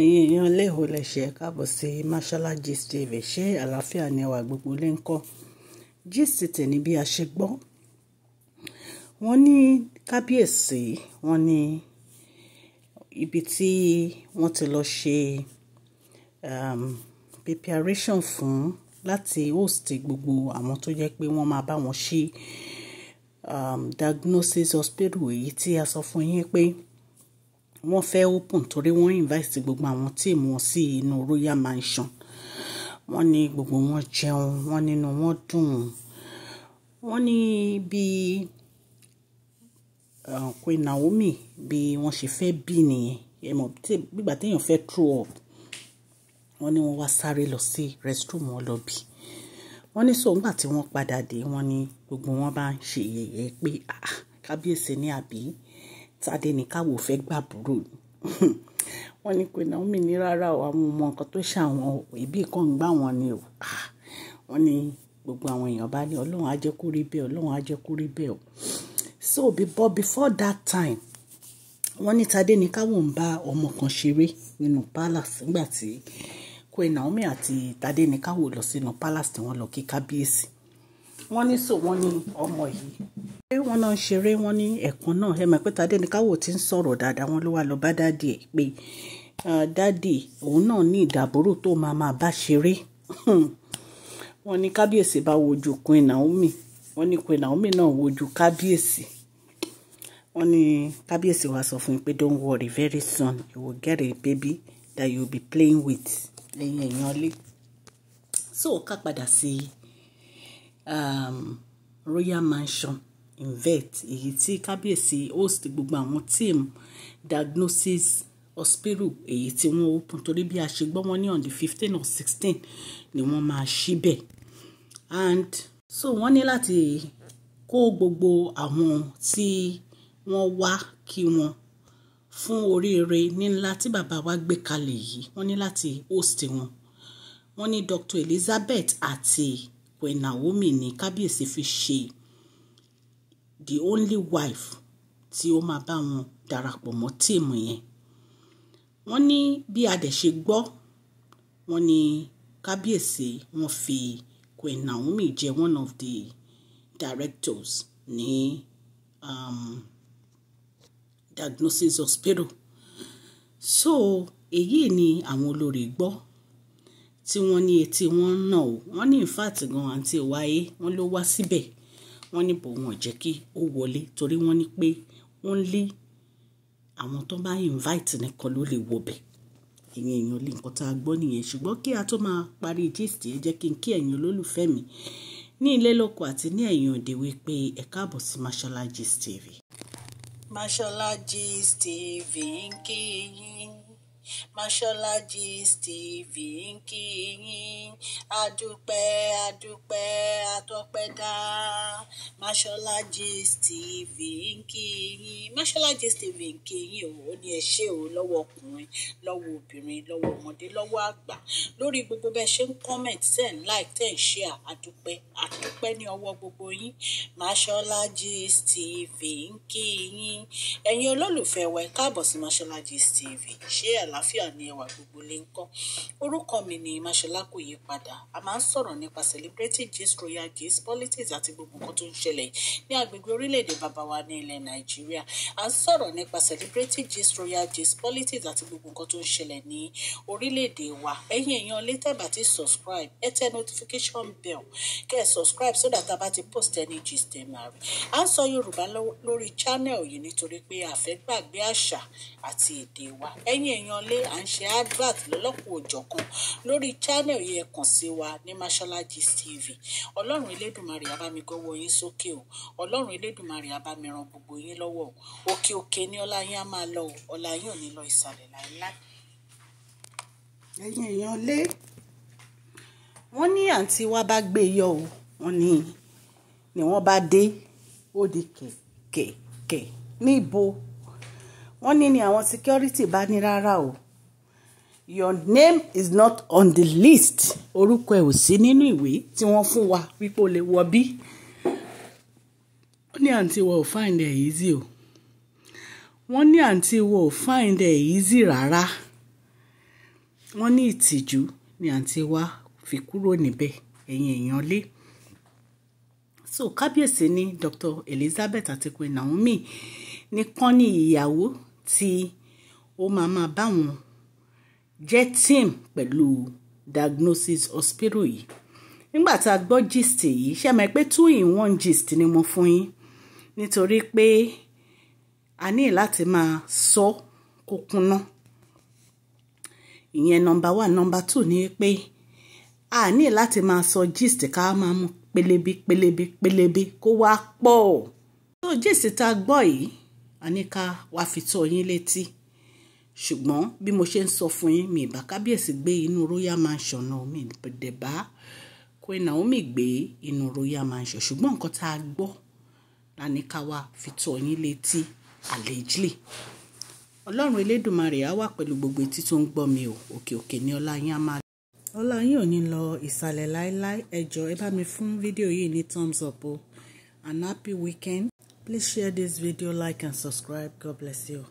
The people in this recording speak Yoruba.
ẹ̀yin èèyàn léèwọ̀ lè ṣe ẹ̀ káàbọ̀ sí Mashola Gist TV ṣé àlàáfíà ni ẹwà gbogbo lè ń kọ́ gist tẹ̀ní bí a ṣe gbọ́ wọ́n ní kábíyèsí wọ́n ní ibi tí wọ́n ti lọ ṣe um, preparation fún láti host gbogbo àwọn tó jẹ́ pé wọ́n máa bá wọn ṣe um, diagnosis hospital èyí tí a sọ fún yín pé. Pe wọ́n fẹ́ open torí wọ́n invite gbogbo àwọn tíìmù wọn sí inú royal mansion wọ́n ní gbogbo wọn jẹun wọ́n nínú wọn dùn wọ́n ní bí uh, Queen Naomi bí wọ́n ṣe fẹ́ bí nìyẹn ẹ mọ̀ gbígbà téèyàn fẹ́ throw up wọ́n ní wọ́n wá sáré lọ sí restroom wọn lọ bì wọ́n ní so ńgbà tí wọ́n padà dé wọ́n ní gbogbo wọn bá ń ṣe yẹ̀yẹ́ pé ah, ah, kábíyèsí ní àbí. Ah, tàdé ní káwọ fẹ́ gbàbúrò ni wọ́n ní pé Naomi ní rárá o àwọn ọmọ nǹkan tó ṣàwọn o ìbí kan ń gbà wọ́n ni o ah, wọ́n ní gbogbo àwọn èèyàn bá ní ọlọ́run á jẹ́ kó rí bẹ́ẹ̀ o so before before that time wọ́n ní tadé ní káwọn ń bá ọmọ kan ṣeré nínú palace nígbà tí queen Naomi àti tadé ní káwọn lọ sínú palace tí wọ́n lọ kí kábíyèsí wọ́n ní so wọ́n ní ọmọ yìí wọ́n náà ṣeré wọ́n ní ẹ̀kan náà ẹ mọ̀ pé tadé ní káwọ́ ti ń sọ̀rọ̀ dáadáa wọ́n ló wá lọ bá dáàdì ẹ̀ pé dáàdì òun náà ní ìdàbòrò tó máa máa bá ṣeré wọ́n ní kábíyèsí bá wojú Queen Naomi wọ́n ní Queen Naomi náà wojú kábíyèsí wọ́n ní kábíyèsí wa sọ fún yín pé don't worry very soon you will get a baby that you will be playing with lẹ́yìn ẹ̀yàn lé so ká padà sí um, royal mansion invest èyí tí kábíyèsí host gbogbo àwọn team diagnosis hospital èyí tí wọ́n open torí bí a ṣe gbọ́ wọn ní on the fifteen or sixteen ni wọ́n máa ṣí and so wọ́n ní láti kó gbogbo àwọn tí wọ́n wá kí wọn fún oríire nílá tí bàbá wa gbé kalẹ̀ yìí wọ́n ní láti host wọn wọ́n ní Dr Elizabeth àti Queen Naomi ní kábíyèsí fi ṣe the only wife tí ó máa bá wọn darapọ̀ mọ́ tíìmù yẹn wọ́n ní bí a dẹ̀ ṣe gbọ́ wọ́n ní kábíyèsí wọ́n fi Queen Naomi jẹ́ one of the directors ní um, diagnosis hospital so èyí ni àwọn olórí gbọ́ tí wọ́n ní etí wọn ń nà wọ́n ní in fact gan àǹtí wáyé wọ́n ló wá síbẹ̀. Si wọ́n ní bọ̀ wọn jẹ́ kí ó wọlé torí wọ́n ní pé wọ́n lé àwọn tó bá invite nìkan ló lè wọbẹ̀ ẹ̀yin èèyàn lè nǹkan tá a gbọ́ nìyẹn ṣùgbọ́n kí a tó máa parí gist yẹn jẹ́ kí n kí ẹ̀yin olólùfẹ́ mi ní ilé lóko àti ní ẹ̀yìn òde wípé ẹ káàbọ̀ sí Mashola Gist TV. Mashola Gist TV ń kí yín Mashola Gist TV ń kí yín adúpẹ́ adúpẹ́ atọ́pẹ́ dáa Mashola Gist TV ń kí yín Mashola Gist TV ń kí o ó ní ẹ ṣé o lọ́wọ́ ọkùnrin lọ́wọ́ obìnrin lọ́wọ́ ọmọdé lọ́wọ́ àgbà lórí gbogbo bẹ́ẹ̀ ṣe ń comment ten like ten share àdúpẹ́ àdúpẹ́ ní ọwọ́ gbogbo yín Mashola Gist TV ń kí yín ẹ̀yin olólùfẹ́ wa ẹ káàbọ̀ sí Mashola Gist TV ṣé àlàáfíà ni ẹwà gbogbo lè ń kọ́ orúkọ mi ni Mashola kò yí padà a máa ń sọ̀rọ̀ nípa celebrity gist royal gist politics àti gbogbo nǹkan tó ń ṣe ṣẹlẹ̀ ní agbègbè orílẹ̀-èdè bàbá wa ní ilẹ̀ nàìjíríà à ń sọ̀rọ̀ nípa celebrity gist royal gist politics àti gbogbo nǹkan tó ń ṣẹlẹ̀ ní orílẹ̀-èdè wa ẹ̀yin èèyàn lè tẹ́ bá subscribe ẹ tẹ notification bell kẹ́ ẹ subscribe so that a bá ti post ẹni gist ẹ̀ máa rí à ń sọ yorùbá lórí channel yìí nítorí pé a gbàgbé àṣà àti èdè wa ẹ̀yin èèyàn lé à ń ṣe advert lọ́lọ́kùn òjọ̀kan lórí channel yìí ẹ kàn sí wa ní mashola gist tv ọlọ́run elédùnmarè abamigọ́wọ́ yín sókè òkè o ọlọ́run elédùnmarè á bá mi ràn gbogbo yín lọ́wọ́ o òkè òkè ni ọlá yín á máa lọ o ọlá yín ò ní lọ ìsàlẹ̀ láíláí. ẹ̀yin èèyàn lé wọ́n ní àǹtí wa bá gbé e yọ o wọ́n ní ni wọ́n bá dé ó di kẹ̀kẹ̀kẹ̀ níbo wọ́n ní ni àwọn security bá ní rárá o your name is not on the list orúkọ ẹ ò sí nínú ìwé tí wọ́n fún wa wípé o lè wọ bí wọ́n ní àǹtí wa ò find it easy o wọ́n ní àǹtí wa ò find it easy rárá wọ́n ní ìtìjú ni àǹtí wa fi kúrò níbẹ̀ ẹ̀yìn èèyàn lé so kábíyèsí ní Dr. Elizabeth àti Queen Naomi ní kán ní ìyàwó tí ó máa máa bá wọn jẹ́ team pẹ̀lú diagnosis hospital yìí nígbà tá a gbọ́ gist yìí ṣe mọ̀ pé two in one gist ni mo fún yín nítorí pé a ní láti máa sọ kó kúnná ìyẹn nọmba one nọmba two ni pé a ní láti máa sọ gist ká máa mú pélébé pélébé pélébé kó wá pọ̀ tó gist tá a gbọ́ yìí a ní ká wá fi tó yín létí ṣùgbọ́n bí mo ṣe ń sọ fún yín mi ìbá kábíyèsí gbé inú royal mansion náà mi dẹ̀ bá Queen Naomi gbé inú royal mansion ṣùgbọ́n nǹkan tá a gbọ́ la ní ká wá fi tó yín létí àlejò ọlọ́run elédùnmarè á wà pẹ̀lú gbogbo etí tó ń gbọ́ mi o òkè òkè ni ọlá yín á máa lọ. ọlá yín ò ní lọ ìsàlẹ̀ láéláé ẹ ẹ bá mi fún fídíò yìí ní thumbs up o an happy weekend please share this video like and subscribe god bless you.